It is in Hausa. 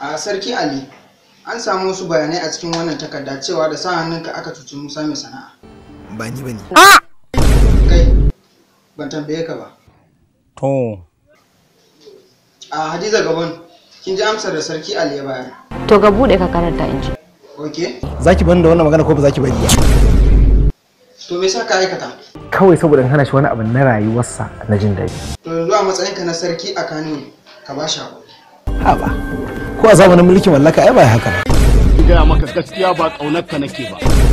a sarki ali an samu wasu bayanai a cikin wannan takarda cewa da sa hannunka aka cuci musa mai sana'a ba ni ba ne kai ban tambaye ka ba to a hadiza gaban kin ji amsar da sarki ali ya bayar to ga bude ka karanta in ji ok zaki bani da wannan magana ko ba zaki bari ba to me yasa ka aikata kawai saboda hana shi wani abu na rayuwarsa na jin daɗi to yanzu a matsayinka na sarki a kano ka ba shi hakuri haba ko a zamanin mulkin mallaka ai ba haka ba gaya maka gaskiya ba ƙaunar ka nake ba